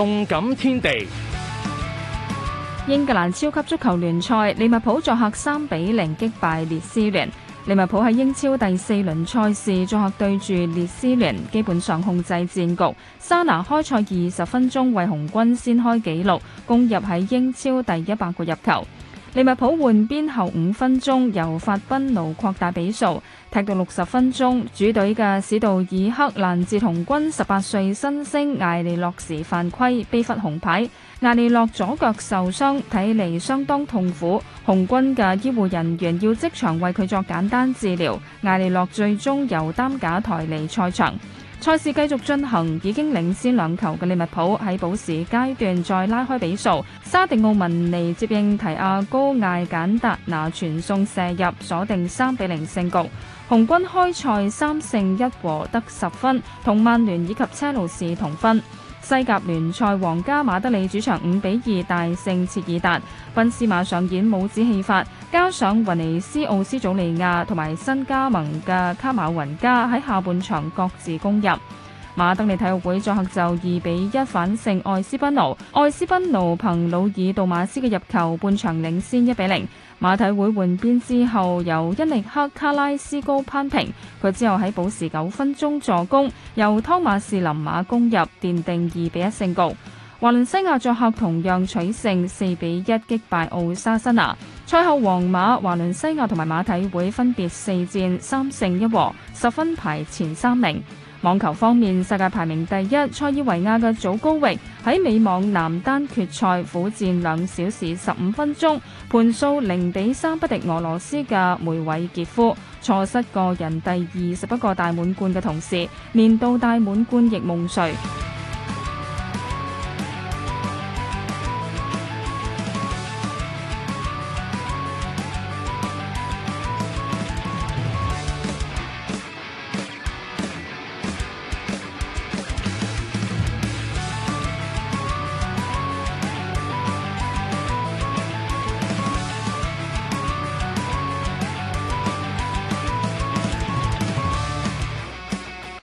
動感天地，英格蘭超級足球聯賽，利物浦作客三比零擊敗列斯聯。利物浦喺英超第四輪賽事作客對住列斯聯，基本上控制戰局。沙拿開賽二十分鐘，為紅軍先開紀錄，攻入喺英超第一百個入球。利物浦換邊後五分鐘，由法賓奴擴大比數，踢到六十分鐘。主隊嘅史杜爾克攔截紅軍十八歲新星艾利洛時犯規，被罰紅牌。艾利洛左腳受傷，睇嚟相當痛苦。紅軍嘅醫護人員要即場為佢作簡單治療。艾利洛最終由擔架抬離賽場。賽事繼續進行，已經領先兩球嘅利物浦喺補時階段再拉開比數。沙迪奧文尼接應提亞高艾簡達拿傳送射入，鎖定三比零勝局。紅軍開賽三勝一和得十分，同曼聯以及車路士同分。西甲聯賽皇家馬德里主場五比二大勝切爾達，賓斯馬上演帽子戲法，加上雲尼斯奧斯祖利亞同埋新加盟嘅卡馬雲加喺下半場各自攻入。馬德里體育會作客就二比一反勝愛斯賓奴，愛斯賓奴憑魯爾杜馬斯嘅入球半場領先一比零。馬體會換邊之後由因力克卡拉斯高扳平，佢之後喺補時九分鐘助攻，由湯馬士林馬攻入奠定二比一勝局。華倫西亞作客同樣取勝四比一擊敗奧沙辛拿，賽後皇馬、華倫西亞同埋馬體會分別四戰三勝一和，十分排前三名。網球方面，世界排名第一、塞爾維亞嘅祖高域喺美網男單決賽苦戰兩小時十五分鐘，盤數零比三不敵俄羅斯嘅梅韋傑夫，錯失個人第二十一個大滿貫嘅同時，年度大滿貫亦夢碎。